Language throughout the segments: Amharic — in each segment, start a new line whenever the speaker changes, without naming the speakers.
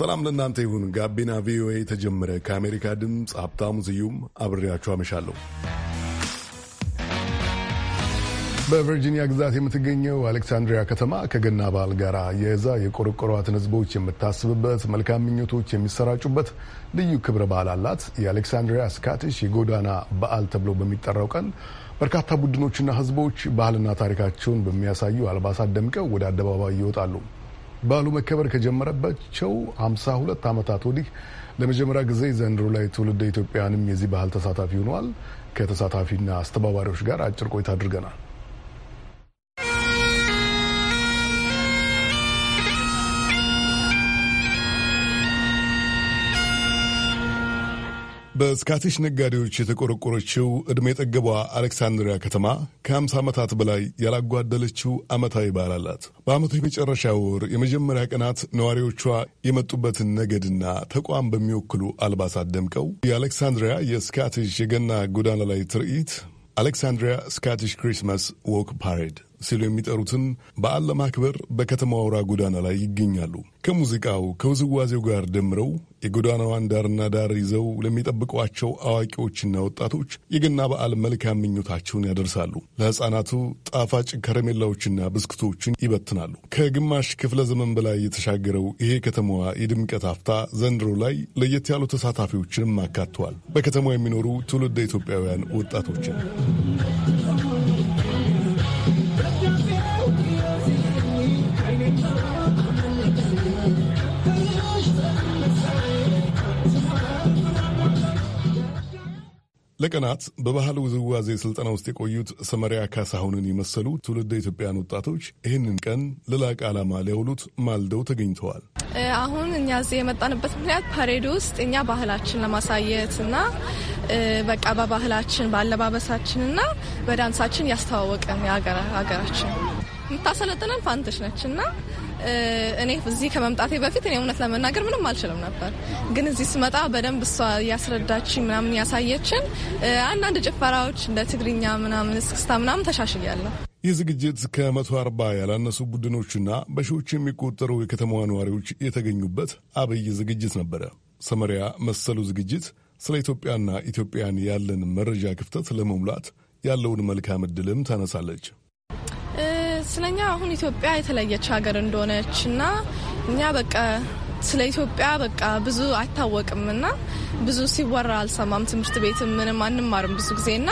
ሰላም ለእናንተ ይሁን። ጋቢና ቪኦኤ የተጀመረ ከአሜሪካ ድምፅ ሀብታሙ ስዩም አብሬያችሁ አመሻለሁ። በቨርጂኒያ ግዛት የምትገኘው አሌክሳንድሪያ ከተማ ከገና በዓል ጋር የዛ የቆረቆሯትን ሕዝቦች የምታስብበት መልካም ምኞቶች የሚሰራጩበት ልዩ ክብረ በዓል አላት። የአሌክሳንድሪያ ስካቲሽ የጎዳና በዓል ተብሎ በሚጠራው ቀን በርካታ ቡድኖችና ሕዝቦች ባህልና ታሪካቸውን በሚያሳዩ አልባሳት ደምቀው ወደ አደባባይ ይወጣሉ። በዓሉ መከበር ከጀመረባቸው 52 ዓመታት ወዲህ ለመጀመሪያ ጊዜ ዘንድሮ ላይ ትውልድ ኢትዮጵያንም የዚህ ባህል ተሳታፊ ሆነዋል። ከተሳታፊና አስተባባሪዎች ጋር አጭር ቆይታ አድርገናል። በስካቲሽ ነጋዴዎች የተቆረቆረችው ዕድሜ ጠገቧ አሌክሳንድሪያ ከተማ ከ50 ዓመታት በላይ ያላጓደለችው ዓመታዊ በዓል አላት። በዓመቱ የመጨረሻ ወር የመጀመሪያ ቀናት ነዋሪዎቿ የመጡበትን ነገድና ተቋም በሚወክሉ አልባሳት ደምቀው የአሌክሳንድሪያ የስካቲሽ የገና ጎዳና ላይ ትርኢት አሌክሳንድሪያ ስካቲሽ ክሪስማስ ዎክ ፓሬድ ሲሉ የሚጠሩትን በዓል ለማክበር በከተማ አውራ ጎዳና ላይ ይገኛሉ። ከሙዚቃው ከውዝዋዜው ጋር ደምረው የጎዳናዋን ዳርና ዳር ይዘው ለሚጠብቋቸው አዋቂዎችና ወጣቶች የገና በዓል መልካም ምኞታቸውን ያደርሳሉ። ለሕፃናቱ ጣፋጭ ከረሜላዎችና ብስኩቶችን ይበትናሉ። ከግማሽ ክፍለ ዘመን በላይ የተሻገረው ይሄ ከተማዋ የድምቀት አፍታ ዘንድሮ ላይ ለየት ያሉ ተሳታፊዎችንም አካተዋል። በከተማዋ የሚኖሩ ትውልደ ኢትዮጵያውያን ወጣቶችን ለቀናት በባህል ውዝዋዜ ስልጠና ውስጥ የቆዩት ሰመሪያ ካሳሁንን የመሰሉ ትውልደ ኢትዮጵያን ወጣቶች ይህንን ቀን ለላቀ ዓላማ ሊያውሉት ማልደው ተገኝተዋል።
አሁን እኛ እዚህ የመጣንበት ምክንያት ፓሬድ ውስጥ እኛ ባህላችን ለማሳየት እና በቃ በባህላችን በአለባበሳችን እና በዳንሳችን ያስተዋወቀን የሀገራችን የምታሰለጥነን ፋንትሽ ነች እና እኔ እዚህ ከመምጣቴ በፊት እኔ እውነት ለመናገር ምንም አልችልም ነበር። ግን እዚህ ስመጣ በደንብ እሷ እያስረዳች ምናምን ያሳየችን አንዳንድ ጭፈራዎች እንደ ትግርኛ ምናምን እስክስታ ምናምን ተሻሽያለሁ።
ይህ ዝግጅት ከመቶ አርባ ያላነሱ ቡድኖችና በሺዎች የሚቆጠሩ የከተማዋ ነዋሪዎች የተገኙበት አብይ ዝግጅት ነበረ። ሰመሪያ መሰሉ ዝግጅት ስለ ኢትዮጵያና ኢትዮጵያን ያለን መረጃ ክፍተት ለመሙላት ያለውን መልካም ዕድልም ታነሳለች።
አሁን ኢትዮጵያ የተለየች ሀገር እንደሆነች እና እኛ በቃ ስለ ኢትዮጵያ በቃ ብዙ አይታወቅም እና ብዙ ሲወራ አልሰማም። ትምህርት ቤትም ምንም አንማርም ብዙ ጊዜ እና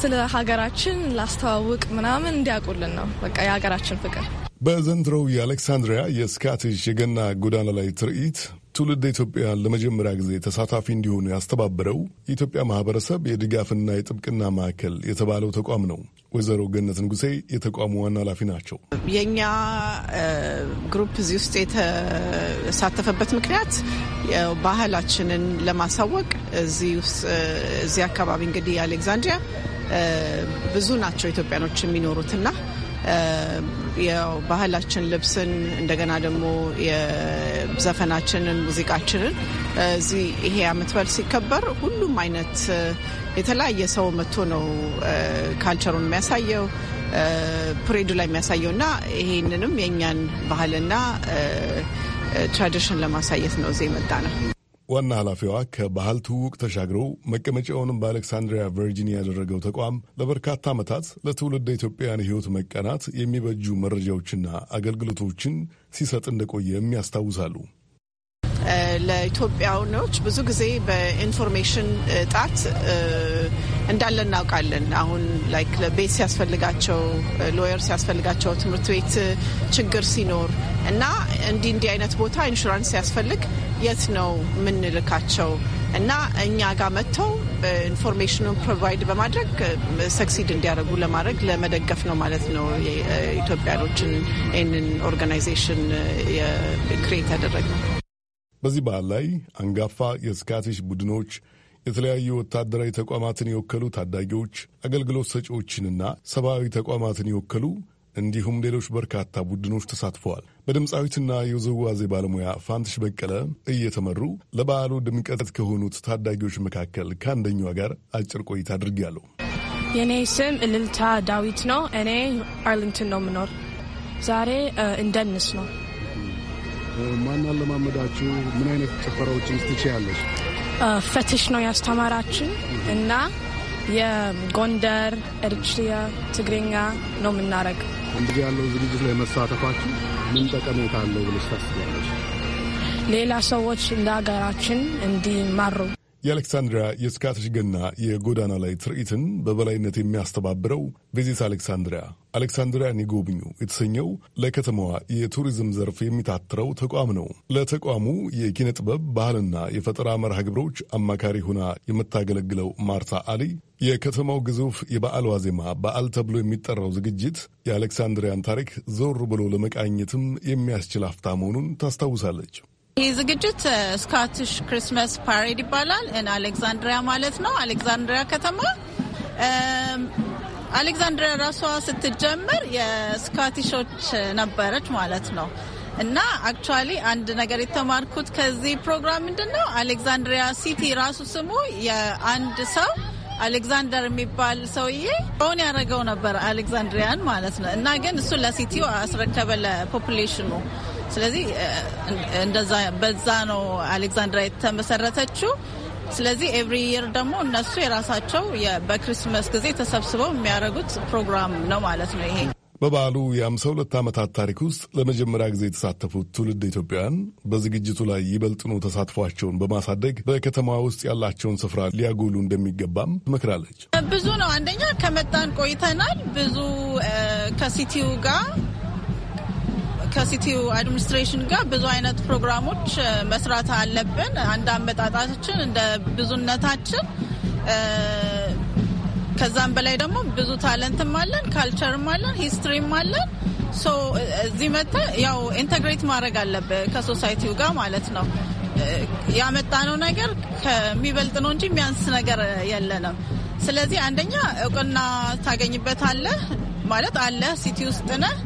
ስለ ሀገራችን ላስተዋውቅ ምናምን እንዲያውቁልን ነው በቃ የሀገራችን
ፍቅር። በዘንድሮው የአሌክሳንድሪያ የስካቲሽ የገና ጎዳና ላይ ትርኢት ትውልድ ኢትዮጵያን ለመጀመሪያ ጊዜ ተሳታፊ እንዲሆኑ ያስተባበረው የኢትዮጵያ ማህበረሰብ የድጋፍና የጥብቅና ማዕከል የተባለው ተቋም ነው። ወይዘሮ ገነት ንጉሴ የተቋሙ ዋና ኃላፊ ናቸው።
የእኛ ግሩፕ እዚህ ውስጥ የተሳተፈበት ምክንያት ባህላችንን ለማሳወቅ እዚህ ውስጥ እዚህ አካባቢ እንግዲህ አሌክዛንድሪያ ብዙ ናቸው ኢትዮጵያኖች የሚኖሩትና የባህላችን ልብስን እንደገና ደግሞ የዘፈናችንን ሙዚቃችንን እዚህ ይሄ ዓመት በዓል ሲከበር ሁሉም አይነት የተለያየ ሰው መጥቶ ነው ካልቸሩን የሚያሳየው ፕሬዱ ላይ የሚያሳየው እና ይሄንንም የእኛን ባህልና
ትራዲሽን ለማሳየት ነው እዚህ የመጣ ነው። ዋና ኃላፊዋ ከባህል ትውውቅ ተሻግረው መቀመጫውንም በአሌክሳንድሪያ ቨርጂኒያ ያደረገው ተቋም ለበርካታ ዓመታት ለትውልድ ኢትዮጵያውያን ሕይወት መቀናት የሚበጁ መረጃዎችና አገልግሎቶችን ሲሰጥ እንደቆየም ያስታውሳሉ።
ለኢትዮጵያውያኖች ብዙ ጊዜ በኢንፎርሜሽን እጣት እንዳለ እናውቃለን። አሁን ላይክ ቤት ሲያስፈልጋቸው፣ ሎየር ሲያስፈልጋቸው፣ ትምህርት ቤት ችግር ሲኖር እና እንዲህ እንዲህ አይነት ቦታ ኢንሹራንስ ሲያስፈልግ የት ነው የምንልካቸው እና እኛ ጋር መጥተው ኢንፎርሜሽኑን ፕሮቫይድ በማድረግ ሰክሲድ እንዲያደርጉ ለማድረግ ለመደገፍ ነው ማለት ነው። ኢትዮጵያኖችን ይህንን ኦርጋናይዜሽን ክሬት ነው።
በዚህ በዓል ላይ አንጋፋ የስካቲሽ ቡድኖች የተለያዩ ወታደራዊ ተቋማትን የወከሉ ታዳጊዎች፣ አገልግሎት ሰጪዎችንና ሰብአዊ ተቋማትን የወከሉ እንዲሁም ሌሎች በርካታ ቡድኖች ተሳትፈዋል። በድምፃዊትና የውዝዋዜ ባለሙያ ፋንትሽ በቀለ እየተመሩ ለበዓሉ ድምቀት ከሆኑት ታዳጊዎች መካከል ከአንደኛዋ ጋር አጭር ቆይታ አድርጌያለሁ።
የእኔ ስም እልልታ ዳዊት ነው። እኔ አርሊንግተን ነው የምኖር። ዛሬ እንደንስ ነው።
ማን አለማመዳችሁ? ምን አይነት ጭፈራዎችን ስትችያለሽ?
ፈትሽ ነው ያስተማራችን እና የጎንደር ኤርትሪያ ትግርኛ ነው የምናደርግ።
እንግዲህ ያለው ዝግጅት ላይ መሳተፋችሁ ምን ጠቀሜታ አለው ብለሽ ታስባለች?
ሌላ ሰዎች እንደ ሀገራችን እንዲማሩ
የአሌክሳንድሪያ የስካትሽ ገና የጎዳና ላይ ትርኢትን በበላይነት የሚያስተባብረው ቪዚት አሌክሳንድሪያ አሌክሳንድሪያን ይጎብኙ የተሰኘው ለከተማዋ የቱሪዝም ዘርፍ የሚታትረው ተቋም ነው። ለተቋሙ የኪነ ጥበብ ባህልና የፈጠራ መርሃ ግብሮች አማካሪ ሆና የምታገለግለው ማርታ አሊ የከተማው ግዙፍ የበዓል ዋዜማ በዓል ተብሎ የሚጠራው ዝግጅት የአሌክሳንድሪያን ታሪክ ዞር ብሎ ለመቃኘትም የሚያስችል አፍታ መሆኑን ታስታውሳለች።
ይህ ዝግጅት ስካትሽ ክሪስመስ ፓሬድ ይባላል። አሌክዛንድሪያ ማለት ነው። አሌክዛንድሪያ ከተማ አሌክዛንድሪያ um, ራሷ ስትጀምር የስካቲሾች ነበረች ማለት ነው። እና አክቹዋሊ አንድ ነገር የተማርኩት ከዚህ ፕሮግራም ምንድን ነው አሌክዛንድሪያ ሲቲ ራሱ ስሙ የአንድ ሰው አሌክዛንደር የሚባል ሰውዬ ሆን ያደረገው ነበር አሌክዛንድሪያን ማለት ነው። እና ግን እሱ ለሲቲው አስረከበ ለፖፑሌሽኑ ስለዚህ እንደዛ በዛ ነው አሌክዛንድራ የተመሰረተችው። ስለዚህ ኤቭሪ ይር ደግሞ እነሱ የራሳቸው በክሪስመስ ጊዜ ተሰብስበው የሚያደርጉት ፕሮግራም ነው ማለት ነው ይሄ።
በበዓሉ የአምሳ ሁለት ዓመታት ታሪክ ውስጥ ለመጀመሪያ ጊዜ የተሳተፉት ትውልድ ኢትዮጵያውያን በዝግጅቱ ላይ ይበልጥኑ ተሳትፏቸውን በማሳደግ በከተማ ውስጥ ያላቸውን ስፍራ ሊያጎሉ እንደሚገባም ትመክራለች።
ብዙ ነው። አንደኛ ከመጣን ቆይተናል። ብዙ ከሲቲው ጋር ከሲቲው አድሚኒስትሬሽን ጋር ብዙ አይነት ፕሮግራሞች መስራት አለብን። አንድ አመጣጣችን፣ እንደ ብዙነታችን ከዛም በላይ ደግሞ ብዙ ታለንትም አለን፣ ካልቸርም አለን፣ ሂስትሪም አለን። ሶ እዚህ መጥተህ ያው ኢንተግሬት ማድረግ አለብህ ከሶሳይቲው ጋር ማለት ነው። ያመጣነው ነገር ከሚበልጥ ነው እንጂ የሚያንስ ነገር የለንም። ስለዚህ አንደኛ እውቅና ታገኝበታለህ ማለት አለ ሲቲ ውስጥ ነህ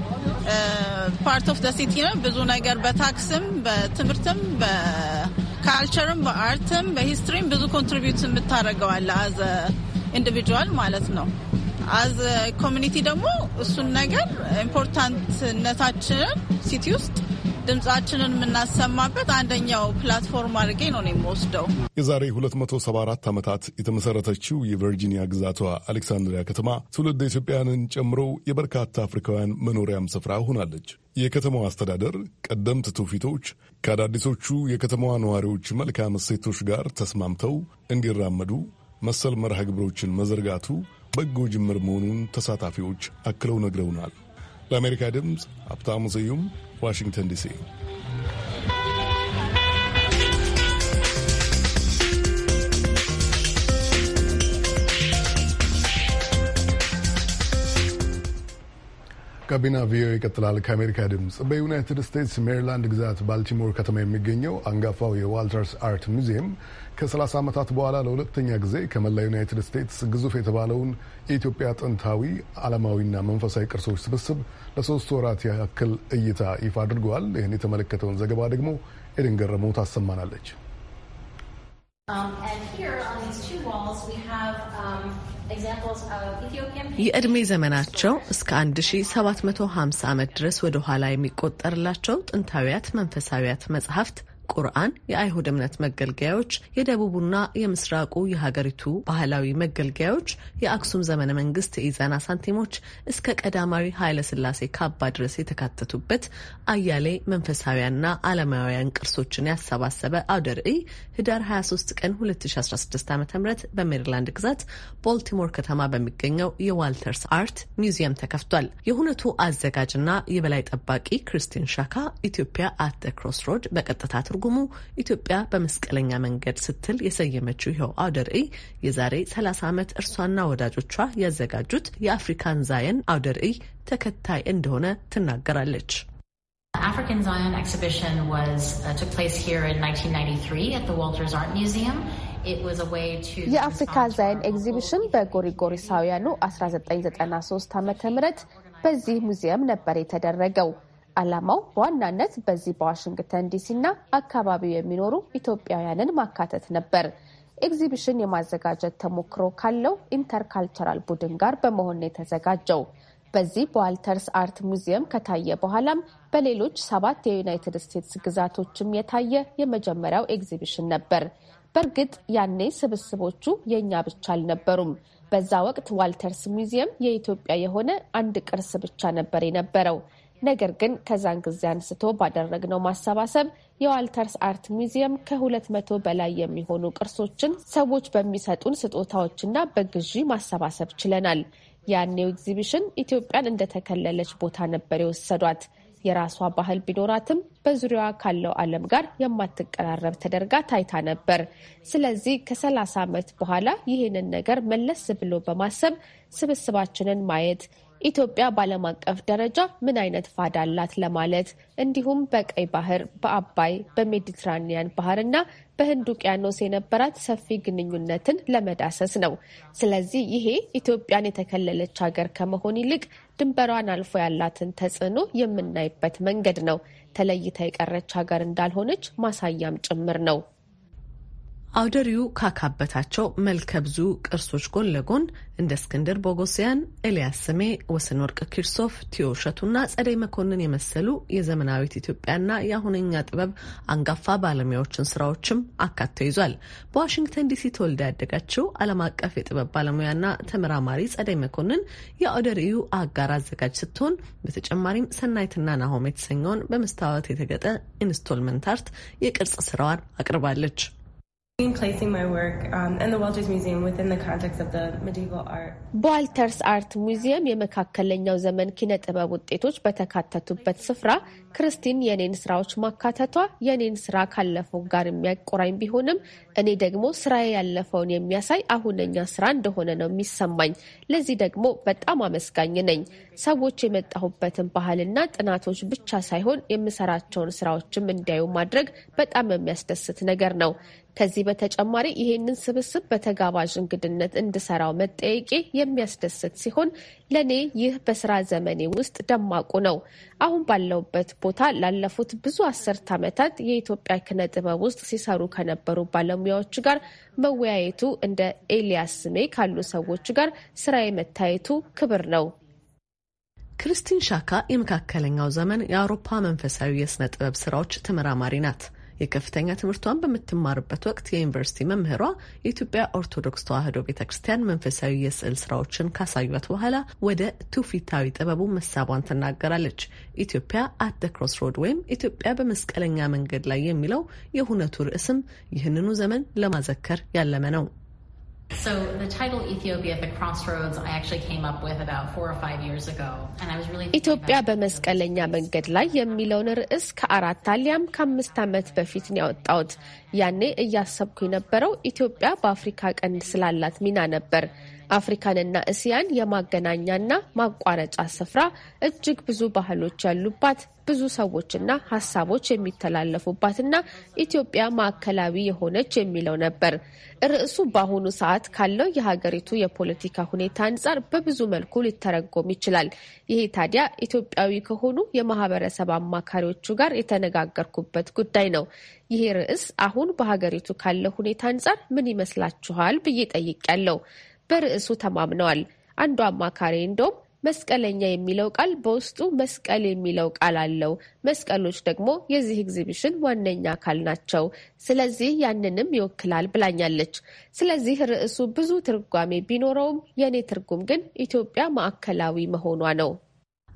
ፓርት ኦፍ ደ ሲቲ ነው። ብዙ ነገር በታክስም፣ በትምህርትም፣ በካልቸርም፣ በአርትም፣ በሂስትሪም ብዙ ኮንትሪቢዩት የምታደርገዋለ አዘ ኢንዲቪጁዋል ማለት ነው። አዘ ኮሚኒቲ ደግሞ እሱን ነገር ኢምፖርታንትነታችንን ሲቲ ውስጥ ድምጻችንን የምናሰማበት አንደኛው ፕላትፎርም አድርጌ ነው የምወስደው።
የዛሬ 274 ዓመታት የተመሰረተችው የቨርጂኒያ ግዛቷ አሌክሳንድሪያ ከተማ ትውልድ ኢትዮጵያውያንን ጨምሮ የበርካታ አፍሪካውያን መኖሪያም ስፍራ ሆናለች። የከተማዋ አስተዳደር ቀደምት ትውፊቶች ከአዳዲሶቹ የከተማዋ ነዋሪዎች መልካም እሴቶች ጋር ተስማምተው እንዲራመዱ መሰል መርሃ ግብሮችን መዘርጋቱ በጎ ጅምር መሆኑን ተሳታፊዎች አክለው ነግረውናል። ለአሜሪካ ድምፅ ሀብታሙ ስዩም ዋሽንግተን ዲሲ ጋቢና ቪኦኤ ይቀጥላል። ከአሜሪካ ድምፅ በዩናይትድ ስቴትስ ሜሪላንድ ግዛት ባልቲሞር ከተማ የሚገኘው አንጋፋው የዋልተርስ አርት ሙዚየም ከ30 ዓመታት በኋላ ለሁለተኛ ጊዜ ከመላ ዩናይትድ ስቴትስ ግዙፍ የተባለውን የኢትዮጵያ ጥንታዊ ዓለማዊና መንፈሳዊ ቅርሶች ስብስብ ለሶስት ወራት ያክል እይታ ይፋ አድርገዋል። ይህን የተመለከተውን ዘገባ ደግሞ ኤደን ገረመው ታሰማናለች። um,
የእድሜ ዘመናቸው እስከ 1750 ዓመት ድረስ ወደ ኋላ የሚቆጠርላቸው ጥንታዊያት መንፈሳዊያት መጽሐፍት ቁርአን የአይሁድ እምነት መገልገያዎች፣ የደቡቡና የምስራቁ የሀገሪቱ ባህላዊ መገልገያዎች፣ የአክሱም ዘመነ መንግስት የኢዛና ሳንቲሞች እስከ ቀዳማዊ ኃይለ ስላሴ ካባ ድረስ የተካተቱበት አያሌ መንፈሳዊያንና ዓለማውያን ቅርሶችን ያሰባሰበ አውደ ርዕይ ህዳር 23 ቀን 2016 ዓ ም በሜሪላንድ ግዛት ቦልቲሞር ከተማ በሚገኘው የዋልተርስ አርት ሚውዚየም ተከፍቷል። የሁነቱ አዘጋጅና የበላይ ጠባቂ ክሪስቲን ሻካ ኢትዮጵያ አት ክሮስ ሮድ በቀጥታ ትርጉሙ ኢትዮጵያ በመስቀለኛ መንገድ ስትል የሰየመችው ይኸው አውደ ርዕይ የዛሬ 30 ዓመት እርሷና ወዳጆቿ ያዘጋጁት የአፍሪካን ዛየን አውደ ርዕይ ተከታይ እንደሆነ ትናገራለች።
African Zion exhibition was uh, took place here in 1993 at the Walters Art Museum. የአፍሪካ
ዛይን ኤግዚቢሽን በጎሪጎሪሳውያኑ 1993 ዓ ም በዚህ ሙዚየም ነበር የተደረገው። ዓላማው በዋናነት በዚህ በዋሽንግተን ዲሲና አካባቢው የሚኖሩ ኢትዮጵያውያንን ማካተት ነበር። ኤግዚቢሽን የማዘጋጀት ተሞክሮ ካለው ኢንተርካልቸራል ቡድን ጋር በመሆን ነው የተዘጋጀው። በዚህ በዋልተርስ አርት ሙዚየም ከታየ በኋላም በሌሎች ሰባት የዩናይትድ ስቴትስ ግዛቶችም የታየ የመጀመሪያው ኤግዚቢሽን ነበር። በእርግጥ ያኔ ስብስቦቹ የእኛ ብቻ አልነበሩም። በዛ ወቅት ዋልተርስ ሙዚየም የኢትዮጵያ የሆነ አንድ ቅርስ ብቻ ነበር የነበረው። ነገር ግን ከዛን ጊዜ አንስቶ ባደረግነው ማሰባሰብ የዋልተርስ አርት ሚዚየም ከሁለት መቶ በላይ የሚሆኑ ቅርሶችን ሰዎች በሚሰጡን ስጦታዎችና በግዢ ማሰባሰብ ችለናል። ያኔው ኤግዚቢሽን ኢትዮጵያን እንደተከለለች ቦታ ነበር የወሰዷት። የራሷ ባህል ቢኖራትም በዙሪያዋ ካለው ዓለም ጋር የማትቀራረብ ተደርጋ ታይታ ነበር። ስለዚህ ከሰላሳ ዓመት በኋላ ይህንን ነገር መለስ ብሎ በማሰብ ስብስባችንን ማየት ኢትዮጵያ በዓለም አቀፍ ደረጃ ምን አይነት ፋዳ አላት ለማለት እንዲሁም በቀይ ባህር፣ በአባይ፣ በሜዲትራኒያን ባህር እና በህንድ ውቅያኖስ የነበራት ሰፊ ግንኙነትን ለመዳሰስ ነው። ስለዚህ ይሄ ኢትዮጵያን የተከለለች ሀገር ከመሆን ይልቅ ድንበሯን አልፎ ያላትን ተጽዕኖ የምናይበት መንገድ ነው። ተለይታ የቀረች ሀገር እንዳልሆነች ማሳያም ጭምር ነው።
አውደሪው ካካበታቸው መልከ ብዙ ቅርሶች ጎን ለጎን እንደ እስክንድር ቦጎሲያን፣ ኤልያስ ስሜ፣ ወሰን ወርቅ ኪርሶፍ፣ ቲዮ እሸቱና ጸደይ መኮንን የመሰሉ የዘመናዊት ኢትዮጵያና የአሁነኛ ጥበብ አንጋፋ ባለሙያዎችን ስራዎችም አካቶ ይዟል። በዋሽንግተን ዲሲ ተወልዳ ያደገችው ዓለም አቀፍ የጥበብ ባለሙያና ተመራማሪ ጸደይ መኮንን የአውደሪዩ አጋር አዘጋጅ ስትሆን በተጨማሪም ሰናይትና ናሆም የተሰኘውን በመስታወት የተገጠ ኢንስቶልመንት አርት የቅርጽ ስራዋን አቅርባለች።
በዋልተርስ አርት ሙዚየም የመካከለኛው ዘመን ኪነ ጥበብ ውጤቶች በተካተቱበት ስፍራ ክርስቲን የኔን ስራዎች ማካተቷ የኔን ስራ ካለፈው ጋር የሚያቆራኝ ቢሆንም እኔ ደግሞ ስራዬ ያለፈውን የሚያሳይ አሁነኛ ስራ እንደሆነ ነው የሚሰማኝ። ለዚህ ደግሞ በጣም አመስጋኝ ነኝ። ሰዎች የመጣሁበትን ባህልና ጥናቶች ብቻ ሳይሆን የምሰራቸውን ስራዎችም እንዲያዩ ማድረግ በጣም የሚያስደስት ነገር ነው። ከዚህ በተጨማሪ ይሄንን ስብስብ በተጋባዥ እንግድነት እንድሰራው መጠየቄ የሚያስደስት ሲሆን ለእኔ ይህ በስራ ዘመኔ ውስጥ ደማቁ ነው። አሁን ባለውበት ቦታ ላለፉት ብዙ አስርት ዓመታት የኢትዮጵያ ኪነ ጥበብ ውስጥ ሲሰሩ ከነበሩ ባለሙያዎች ጋር መወያየቱ እንደ ኤልያስ ስሜ ካሉ ሰዎች ጋር ስራ የመታየቱ ክብር ነው።
ክርስቲን ሻካ የመካከለኛው ዘመን የአውሮፓ መንፈሳዊ የሥነ ጥበብ ስራዎች ተመራማሪ ናት። የከፍተኛ ትምህርቷን በምትማርበት ወቅት የዩኒቨርሲቲ መምህሯ የኢትዮጵያ ኦርቶዶክስ ተዋሕዶ ቤተ ክርስቲያን መንፈሳዊ የስዕል ስራዎችን ካሳዩት በኋላ ወደ ትውፊታዊ ጥበቡ መሳቧን ትናገራለች። ኢትዮጵያ አት ደ ክሮስ ሮድ ወይም ኢትዮጵያ በመስቀለኛ መንገድ ላይ የሚለው የሁነቱ ርዕስም ይህንኑ ዘመን ለማዘከር ያለመ ነው።
ኢትዮጵያ
በመስቀለኛ መንገድ ላይ የሚለውን ርዕስ ከአራት አሊያም ከአምስት ዓመት በፊት ነው ያወጣሁት። ያኔ እያሰብኩ የነበረው ኢትዮጵያ በአፍሪካ ቀንድ ስላላት ሚና ነበር። አፍሪካንና እስያን የማገናኛና ማቋረጫ ስፍራ እጅግ ብዙ ባህሎች ያሉባት ብዙ ሰዎችና ሀሳቦች የሚተላለፉባትና ኢትዮጵያ ማዕከላዊ የሆነች የሚለው ነበር ርዕሱ። በአሁኑ ሰዓት ካለው የሀገሪቱ የፖለቲካ ሁኔታ አንጻር በብዙ መልኩ ሊተረጎም ይችላል። ይሄ ታዲያ ኢትዮጵያዊ ከሆኑ የማህበረሰብ አማካሪዎቹ ጋር የተነጋገርኩበት ጉዳይ ነው። ይሄ ርዕስ አሁን በሀገሪቱ ካለው ሁኔታ አንጻር ምን ይመስላችኋል ብዬ ያለው? በርዕሱ ተማምነዋል። አንዱ አማካሪ እንደውም መስቀለኛ የሚለው ቃል በውስጡ መስቀል የሚለው ቃል አለው። መስቀሎች ደግሞ የዚህ ኤግዚቢሽን ዋነኛ አካል ናቸው። ስለዚህ ያንንም ይወክላል ብላኛለች። ስለዚህ ርዕሱ ብዙ ትርጓሜ ቢኖረውም የእኔ ትርጉም ግን ኢትዮጵያ ማዕከላዊ መሆኗ ነው።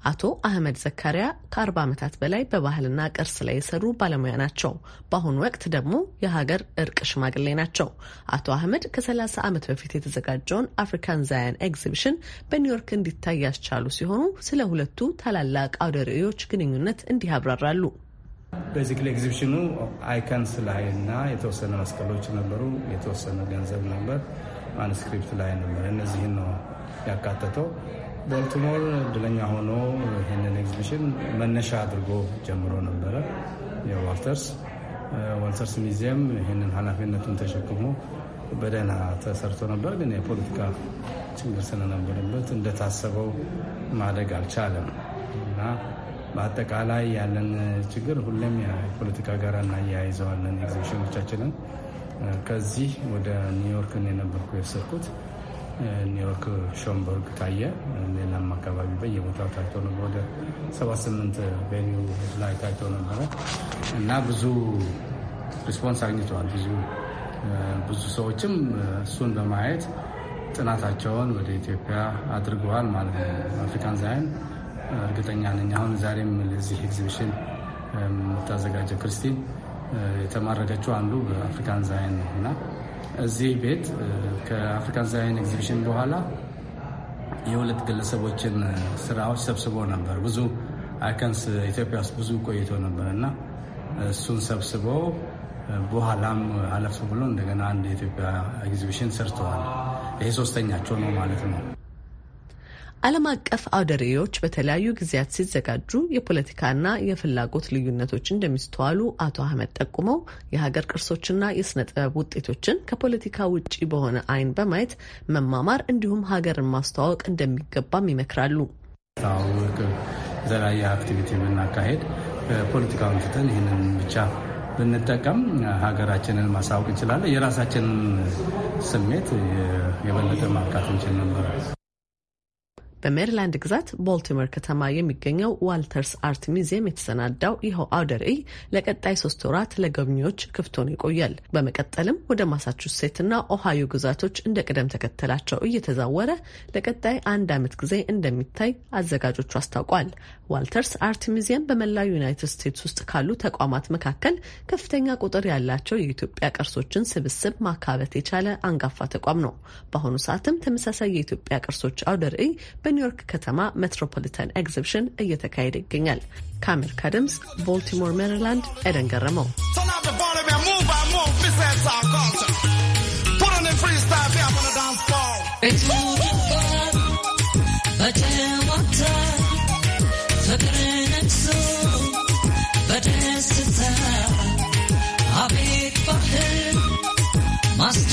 አቶ አህመድ ዘካሪያ ከአርባ ዓመታት በላይ በባህልና ቅርስ ላይ የሰሩ ባለሙያ ናቸው። በአሁኑ ወቅት ደግሞ የሀገር እርቅ ሽማግሌ ናቸው። አቶ አህመድ ከ30 ዓመት በፊት የተዘጋጀውን አፍሪካን ዛያን ኤግዚቢሽን በኒውዮርክ እንዲታይ ያስቻሉ ሲሆኑ ስለ ሁለቱ ታላላቅ አውደ ርዕዮች ግንኙነት እንዲህ ያብራራሉ።
ቤዚክሊ ኤግዚቢሽኑ አይከንስ ላይ እና የተወሰነ መስቀሎች ነበሩ፣ የተወሰነ ገንዘብ ነበር፣ ማንስክሪፕት ላይ ነበር። እነዚህን ነው ያካተተው። ቦልቲሞር እድለኛ ሆኖ ይህንን ኤግዚቢሽን መነሻ አድርጎ ጀምሮ ነበረ። የዋልተርስ ዋልተርስ ሚዚየም ይህንን ኃላፊነቱን ተሸክሞ በደህና ተሰርቶ ነበር። ግን የፖለቲካ ችግር ስለነበረበት እንደታሰበው ማደግ አልቻለም እና በአጠቃላይ ያለን ችግር ሁሌም የፖለቲካ ጋር እናያይዘዋለን ኤግዚቢሽኖቻችንን። ከዚህ ወደ ኒውዮርክን የነበርኩ የሰርኩት ኒውዮርክ ሾምበርግ ታየ። ሌላም አካባቢ በየቦታው ታይቶ ነበር። ወደ 78 ቬኒው ላይ ታይቶ ነበረ እና ብዙ ሪስፖንስ አግኝተዋል። ብዙ ብዙ ሰዎችም እሱን በማየት ጥናታቸውን ወደ ኢትዮጵያ አድርገዋል ማለት ነው። አፍሪካን ዛይን እርግጠኛ ነኝ አሁን ዛሬም ለዚህ ኤግዚቢሽን የምታዘጋጀው ክርስቲን የተማረከችው አንዱ በአፍሪካን ዛይን ነው እና እዚህ ቤት ከአፍሪካን ዛይን ኤግዚቢሽን በኋላ የሁለት ግለሰቦችን ስራዎች ሰብስቦ ነበር። ብዙ አይከንስ ኢትዮጵያ ውስጥ ብዙ ቆይቶ ነበር እና እሱን ሰብስቦ በኋላም አለፍ ብሎ እንደገና አንድ የኢትዮጵያ ኤግዚቢሽን ሰርተዋል። ይሄ ሶስተኛቸው ነው ማለት ነው።
ዓለም አቀፍ አውደ ርዕዮች በተለያዩ ጊዜያት ሲዘጋጁ የፖለቲካና የፍላጎት ልዩነቶች እንደሚስተዋሉ አቶ አህመድ ጠቁመው የሀገር ቅርሶችና የስነ ጥበብ ውጤቶችን ከፖለቲካ ውጪ በሆነ አይን በማየት መማማር እንዲሁም ሀገርን ማስተዋወቅ እንደሚገባም ይመክራሉ። ተዋወቅ
የተለያየ አክቲቪቲ ብናካሄድ ፖለቲካውን ትተን ይህንን ብቻ ብንጠቀም ሀገራችንን ማሳወቅ እንችላለን። የራሳችንን ስሜት የበለጠ ማርካት እንችል ነበር።
በሜሪላንድ ግዛት ቦልቲሞር ከተማ የሚገኘው ዋልተርስ አርት ሚዚየም የተሰናዳው ይኸው አውደ ርዕይ ለቀጣይ ሶስት ወራት ለጎብኚዎች ክፍት ሆኖ ይቆያል። በመቀጠልም ወደ ማሳቹሴትና ኦሃዮ ግዛቶች እንደ ቅደም ተከተላቸው እየተዛወረ ለቀጣይ አንድ ዓመት ጊዜ እንደሚታይ አዘጋጆቹ አስታውቋል። ዋልተርስ አርት ሚዚየም በመላው ዩናይትድ ስቴትስ ውስጥ ካሉ ተቋማት መካከል ከፍተኛ ቁጥር ያላቸው የኢትዮጵያ ቅርሶችን ስብስብ ማካበት የቻለ አንጋፋ ተቋም ነው። በአሁኑ ሰዓትም ተመሳሳይ የኢትዮጵያ ቅርሶች አውደ ርዕይ በኒውዮርክ ከተማ ሜትሮፖሊታን ኤግዚቢሽን እየተካሄደ ይገኛል። ከአሜሪካ ድምፅ ቦልቲሞር ሜሪላንድ፣ ኤደን ገረመው።
Must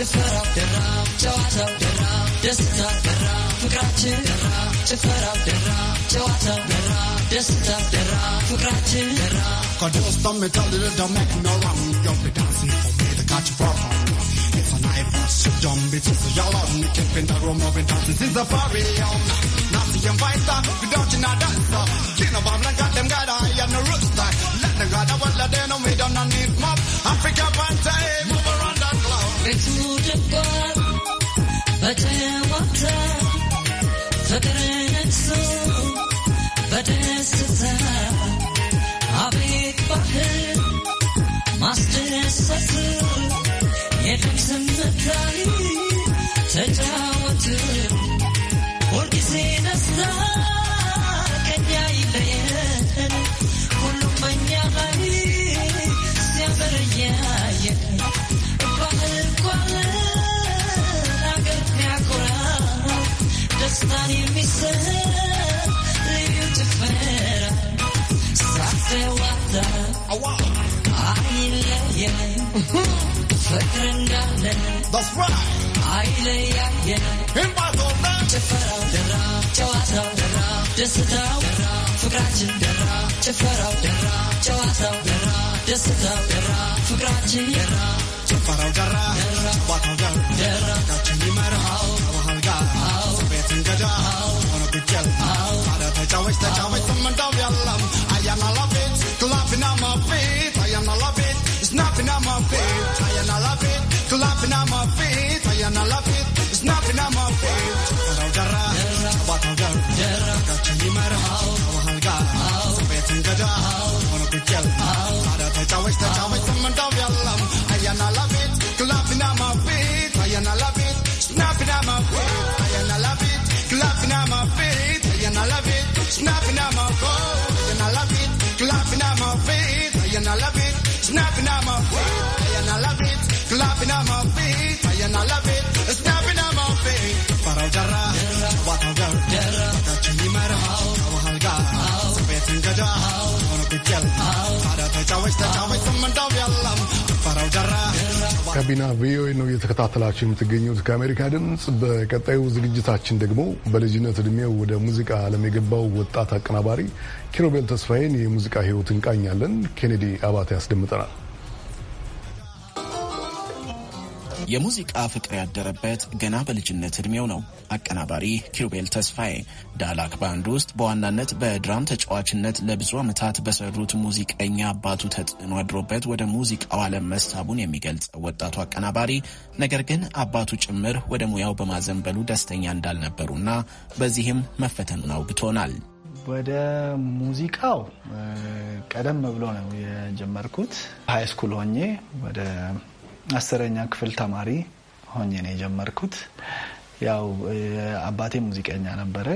ጭፈራው ደራ ጨዋታው ደራ ደስታ ደራ ፍቅራችን ደራ ጭፈራው ደራ ጨዋታው ደራ ደስታ ደራ ፍቅራችን ደራ Cause don't me tell you don't make no wrong
You'll be dancing for me to catch for fun. It's a night for so dumb It's a y'all on the camp in the room of dancing This is a party on Nazi and Weiser, we don't you not dance Can't no
ደስታው ፍቅራችን ደራ ጭፈራው ደራ ጨዋታው ደራ ደስታው ደራ ፍቅራችን
tell me
ጋቢና ቪኦኤ ነው እየተከታተላችሁ የምትገኙት ከአሜሪካ ድምፅ። በቀጣዩ ዝግጅታችን ደግሞ በልጅነት እድሜው ወደ ሙዚቃ ዓለም የገባው ወጣት አቀናባሪ ኪሮቤል ተስፋዬን የሙዚቃ ሕይወት እንቃኛለን። ኬኔዲ አባቴ ያስደምጠናል።
የሙዚቃ ፍቅር ያደረበት ገና በልጅነት እድሜው ነው። አቀናባሪ ኪሩቤል ተስፋዬ ዳላክ ባንድ ውስጥ በዋናነት በድራም ተጫዋችነት ለብዙ ዓመታት በሰሩት ሙዚቀኛ አባቱ ተጽዕኖ አድሮበት ወደ ሙዚቃው ዓለም መሳቡን የሚገልጸው ወጣቱ አቀናባሪ ነገር ግን አባቱ ጭምር ወደ ሙያው በማዘንበሉ ደስተኛ እንዳልነበሩና በዚህም መፈተኑን አውግቶናል።
ወደ ሙዚቃው ቀደም ብሎ ነው የጀመርኩት። ሆኜ ወደ አስረኛ ክፍል ተማሪ ሆኜ ነው የጀመርኩት። ያው አባቴ ሙዚቀኛ ነበረ።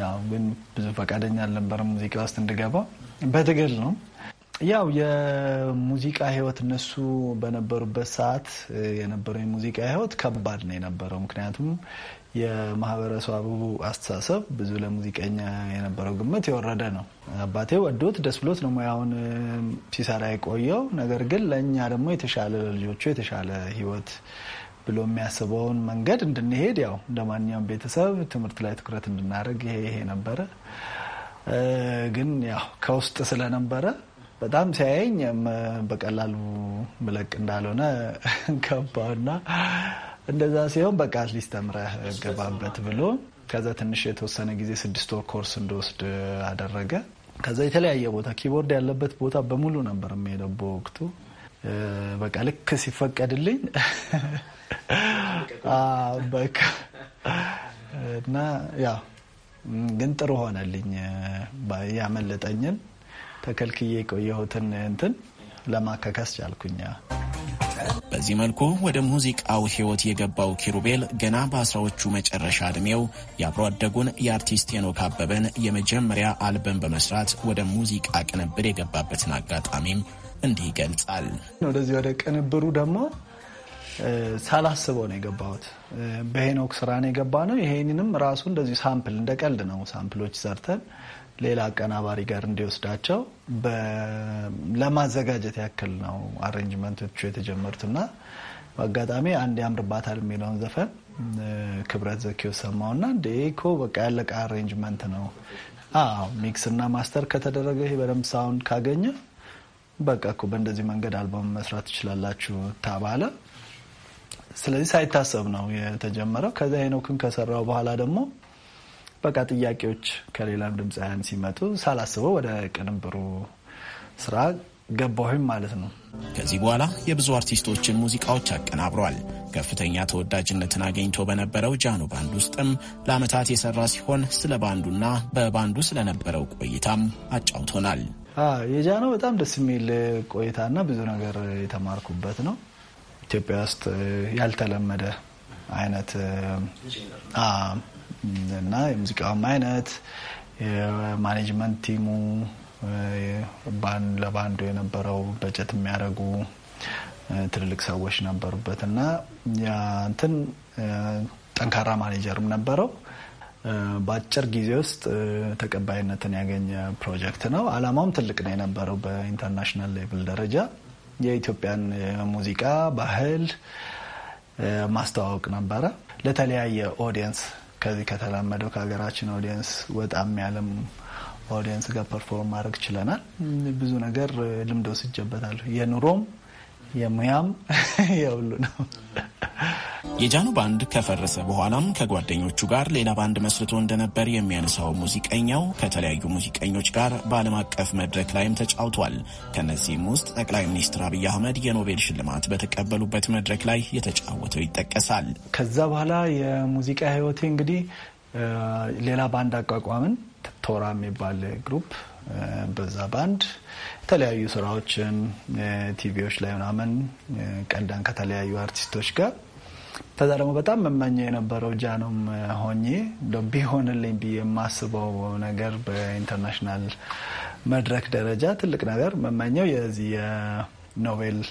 ያው ግን ብዙ ፈቃደኛ አልነበረ ሙዚቃ ውስጥ እንድገባ። በትግል ነው ያው የሙዚቃ ህይወት እነሱ በነበሩበት ሰዓት የነበረው የሙዚቃ ህይወት ከባድ ነው የነበረው። ምክንያቱም የማህበረሰቡ አስተሳሰብ ብዙ ለሙዚቀኛ የነበረው ግምት የወረደ ነው። አባቴ ወዶት ደስ ብሎት ነው ሙያውን ሲሰራ የቆየው። ነገር ግን ለእኛ ደግሞ የተሻለ ለልጆቹ የተሻለ ህይወት ብሎ የሚያስበውን መንገድ እንድንሄድ ያው እንደ ማንኛውም ቤተሰብ ትምህርት ላይ ትኩረት እንድናደርግ ይሄ ይሄ ነበረ። ግን ያው ከውስጥ ስለነበረ በጣም ሲያየኝ በቀላሉ ምለቅ እንዳልሆነ ገባውና እንደዛ ሲሆን በቃ አትሊስት ተምረህ ገባበት ብሎ ከዛ ትንሽ የተወሰነ ጊዜ ስድስት ወር ኮርስ እንደወስድ አደረገ። ከዛ የተለያየ ቦታ ኪቦርድ ያለበት ቦታ በሙሉ ነበር የሚሄደው በወቅቱ በቃ ልክ ሲፈቀድልኝ በቃ እና ያው ግን ጥሩ ሆነልኝ። ያመለጠኝን ተከልክዬ የቆየሁትን እንትን ለማከከስ ቻልኩኛ።
በዚህ መልኩ ወደ ሙዚቃው ህይወት የገባው ኪሩቤል ገና በአስራዎቹ መጨረሻ ዕድሜው የአብሮ አደጉን የአርቲስት ሄኖክ አበበን የመጀመሪያ አልበም በመስራት ወደ ሙዚቃ ቅንብር የገባበትን አጋጣሚም እንዲህ ይገልጻል።
ወደዚህ ወደ ቅንብሩ ደግሞ ሳላስበው ነው የገባሁት። በሄኖክ ስራ ነው የገባ ነው። ይሄንንም ራሱ እንደዚህ ሳምፕል እንደ ቀልድ ነው ሳምፕሎች ሰርተን ሌላ አቀናባሪ ጋር እንዲወስዳቸው ለማዘጋጀት ያክል ነው አሬንጅመንቶቹ የተጀመሩትና በአጋጣሚ አንድ ያምርባታል የሚለውን ዘፈን ክብረት ዘኪው ሰማው ና ዴኮ በቃ ያለቀ አሬንጅመንት ነው። አዎ ሚክስ እና ማስተር ከተደረገ ይሄ በደንብ ሳውንድ ካገኘ በቃ እኮ በእንደዚህ መንገድ አልበም መስራት ትችላላችሁ ተባለ። ስለዚህ ሳይታሰብ ነው የተጀመረው። ከዚያ ሄኖክን ከሰራው በኋላ ደግሞ በቃ ጥያቄዎች ከሌላም ድምፃውያን ሲመጡ ሳላስበው ወደ
ቅንብሩ ስራ ገባሁም ማለት ነው። ከዚህ በኋላ የብዙ አርቲስቶችን ሙዚቃዎች አቀናብሯል። ከፍተኛ ተወዳጅነትን አገኝቶ በነበረው ጃኖ ባንድ ውስጥም ለአመታት የሰራ ሲሆን ስለ ባንዱና በባንዱ ስለነበረው ቆይታም አጫውቶናል።
የጃኖ በጣም ደስ የሚል ቆይታና ብዙ ነገር የተማርኩበት ነው። ኢትዮጵያ ውስጥ ያልተለመደ አይነት እና የሙዚቃውም አይነት የማኔጅመንት ቲሙ ለባንዱ የነበረው በጀት የሚያደርጉ ትልልቅ ሰዎች ነበሩበት እና እንትን ጠንካራ ማኔጀርም ነበረው። በአጭር ጊዜ ውስጥ ተቀባይነትን ያገኘ ፕሮጀክት ነው። አላማውም ትልቅ ነው የነበረው። በኢንተርናሽናል ሌቭል ደረጃ የኢትዮጵያን ሙዚቃ ባህል ማስተዋወቅ ነበረ ለተለያየ ኦዲየንስ ከዚህ ከተላመደው ከሀገራችን ኦዲየንስ ወጣም ያለም ኦዲየንስ ጋር ፐርፎርም ማድረግ ችለናል። ብዙ ነገር ልምድ ወስጄበታለሁ። የኑሮም የሙያም
የሁሉ ነው። የጃኖ ባንድ ከፈረሰ በኋላም ከጓደኞቹ ጋር ሌላ ባንድ መስርቶ እንደነበር የሚያነሳው ሙዚቀኛው ከተለያዩ ሙዚቀኞች ጋር በዓለም አቀፍ መድረክ ላይም ተጫውቷል። ከእነዚህም ውስጥ ጠቅላይ ሚኒስትር አብይ አህመድ የኖቤል ሽልማት በተቀበሉበት መድረክ ላይ የተጫወተው ይጠቀሳል።
ከዛ በኋላ የሙዚቃ ህይወቴ እንግዲህ ሌላ ባንድ አቋቋምን። ቶራ የሚባል ግሩፕ በዛ ባንድ የተለያዩ ስራዎችን ቲቪዎች ላይ ምናምን ቀዳን ከተለያዩ አርቲስቶች ጋር። ከዛ ደግሞ በጣም መመኘ የነበረው ጃኖም ሆኜ ቢሆንልኝ ብዬ የማስበው ነገር በኢንተርናሽናል መድረክ ደረጃ ትልቅ ነገር መመኘው የዚህ የኖቤል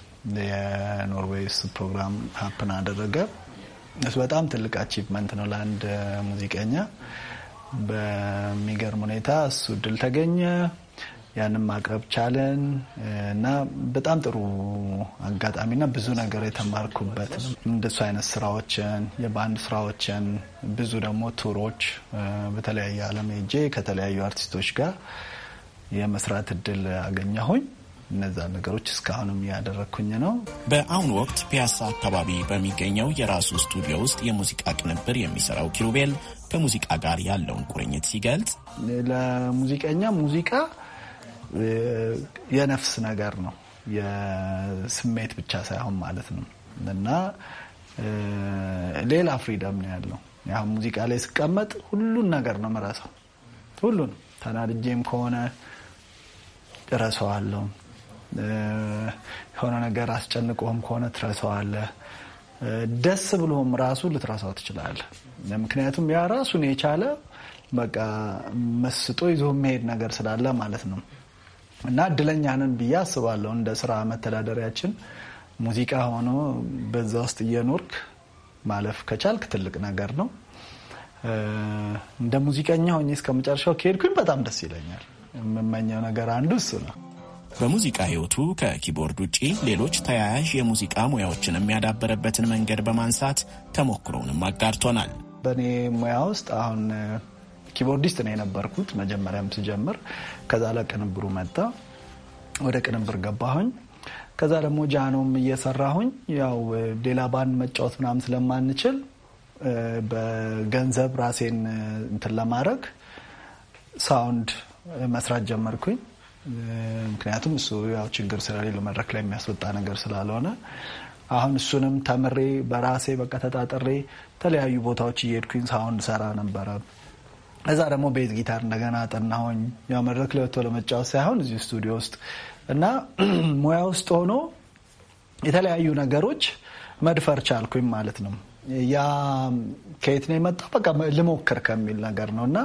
የኖርዌይስ ፕሮግራም ሀፕን አደረገ። እሱ በጣም ትልቅ አቺቭመንት ነው ለአንድ ሙዚቀኛ። በሚገርም ሁኔታ እሱ እድል ተገኘ። ያንን ማቅረብ ቻለን እና በጣም ጥሩ አጋጣሚና ብዙ ነገር የተማርኩበት እንደሱ አይነት ስራዎችን የባንድ ስራዎችን ብዙ ደግሞ ቱሮች በተለያየ ዓለም ሄጄ ከተለያዩ አርቲስቶች ጋር የመስራት እድል አገኘሁኝ። እነዛ ነገሮች እስካሁንም ያደረግኩኝ ነው።
በአሁኑ ወቅት ፒያሳ አካባቢ በሚገኘው የራሱ ስቱዲዮ ውስጥ የሙዚቃ ቅንብር የሚሰራው ኪሩቤል ከሙዚቃ ጋር ያለውን ቁርኝት ሲገልጽ
ለሙዚቀኛ ሙዚቃ
የነፍስ ነገር ነው። የስሜት ብቻ ሳይሆን
ማለት ነው እና ሌላ ፍሪደም ነው ያለው። ያው ሙዚቃ ላይ ስቀመጥ ሁሉን ነገር ነው የምረሳው። ሁሉን ተናድጄም ከሆነ እረሳዋለሁ። የሆነ ነገር አስጨንቆም ከሆነ ትረሳዋለህ። ደስ ብሎም ራሱ ልትረሳው ትችላለህ። ምክንያቱም ያ ራሱን የቻለ በቃ መስጦ ይዞ መሄድ ነገር ስላለ ማለት ነው። እና እድለኛንን ብዬ አስባለሁ። እንደ ስራ መተዳደሪያችን ሙዚቃ ሆኖ በዛ ውስጥ እየኖርክ ማለፍ ከቻልክ ትልቅ ነገር ነው። እንደ ሙዚቀኛ ሆኜ እስከ መጨረሻው ከሄድኩኝ በጣም ደስ ይለኛል። የምመኘው
ነገር አንዱ እሱ ነው። በሙዚቃ ህይወቱ ከኪቦርድ ውጪ ሌሎች ተያያዥ የሙዚቃ ሙያዎችን የሚያዳበረበትን መንገድ በማንሳት ተሞክሮውንም አጋርቶናል። በእኔ
ሙያ ውስጥ አሁን ኪቦርዲስት ነው የነበርኩት መጀመሪያም ስጀምር። ከዛ ለቅንብሩ መጣ፣ ወደ ቅንብር ገባሁኝ። ከዛ ደግሞ ጃኖም እየሰራሁኝ ያው ሌላ ባንድ መጫወት ምናምን ስለማንችል በገንዘብ ራሴን እንትን ለማድረግ ሳውንድ መስራት ጀመርኩኝ። ምክንያቱም እሱ ያው ችግር ስለሌለው መድረክ ላይ የሚያስወጣ ነገር ስላልሆነ አሁን እሱንም ተምሬ በራሴ በቃ ተጣጥሬ የተለያዩ ቦታዎች እየሄድኩኝ ሳውንድ ሰራ ነበረ። እዛ ደግሞ ቤት ጊታር እንደገና ጠናሆኝ ያው መድረክ ላይ ወጥቶ ለመጫወት ሳይሆን እዚህ ስቱዲዮ ውስጥ እና ሙያ ውስጥ ሆኖ የተለያዩ ነገሮች መድፈር ቻልኩኝ ማለት ነው። ያ ከየት ነው የመጣው? በቃ ልሞክር ከሚል ነገር ነው እና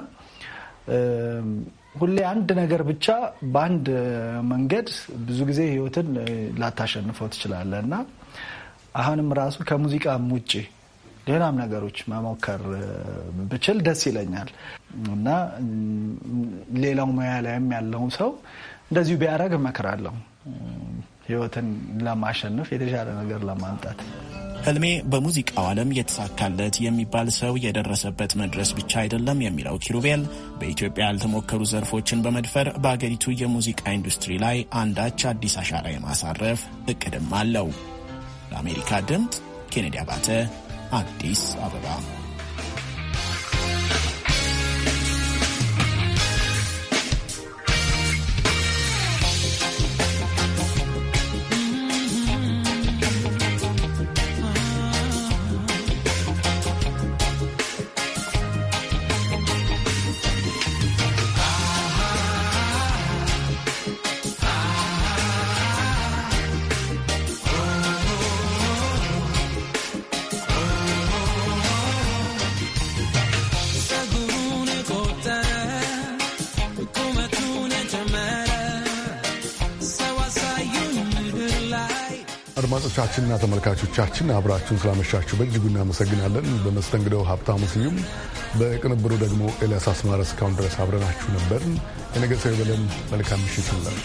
ሁሌ አንድ ነገር ብቻ በአንድ መንገድ ብዙ ጊዜ ህይወትን ላታሸንፈው ትችላለ እና አሁንም ራሱ ከሙዚቃም ውጭ ሌላም ነገሮች መሞከር ብችል ደስ ይለኛል። እና ሌላው ሙያ ላይም ያለውን ሰው እንደዚሁ ቢያደርግ እመክራለሁ። ህይወትን ለማሸነፍ የተሻለ ነገር
ለማምጣት ህልሜ በሙዚቃው ዓለም የተሳካለት የሚባል ሰው የደረሰበት መድረስ ብቻ አይደለም የሚለው ኪሩቤል በኢትዮጵያ ያልተሞከሩ ዘርፎችን በመድፈር በአገሪቱ የሙዚቃ ኢንዱስትሪ ላይ አንዳች አዲስ አሻራ የማሳረፍ እቅድም አለው። ለአሜሪካ ድምፅ ኬኔዲ አባተ አዲስ አበባ
አድማጮቻችንና ተመልካቾቻችን አብራችሁን ስላመሻችሁ በእጅጉ እናመሰግናለን። በመስተንግደው ሀብታሙ ስዩም፣ በቅንብሩ ደግሞ ኤልያስ አስማረ። እስካሁን ድረስ አብረናችሁ ነበር የነገ ሰው ይበለን። መልካም ምሽት ይላል